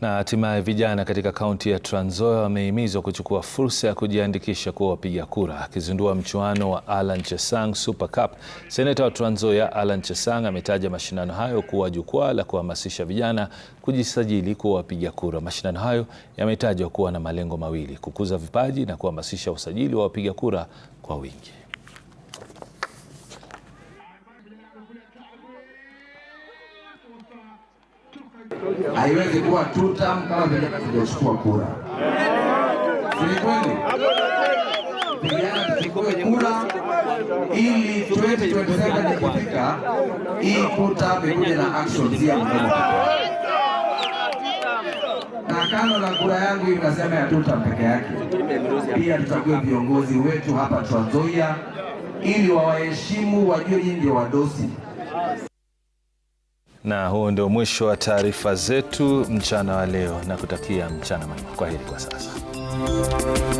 Na hatimaye vijana katika kaunti ya Trans Nzoia wamehimizwa kuchukua fursa ya kujiandikisha kuwa wapiga kura. Akizindua mchuano wa Allan Chesang Super Cup, seneta wa Trans Nzoia Allan Chesang ametaja mashindano hayo kuwa jukwaa la kuhamasisha vijana kujisajili kuwa wapiga kura. Mashindano hayo yametajwa kuwa na malengo mawili: kukuza vipaji na kuhamasisha usajili wa wapiga kura kwa wingi. haiwezi kuwa tutam kama vile hatujachukua kura. Si kweli? Vijana tuchukue kura ili 2027 ikifika, hii kuta ikuje na actions ya mfumo na kando na kura yangu nasema ya tutam peke yake, pia tuchague viongozi wetu hapa Trans Nzoia ili wawaheshimu, wajue nyinyi ndio wadosi na huo ndio mwisho wa taarifa zetu mchana wa leo, na kutakia mchana mwema. heri kwa sasa.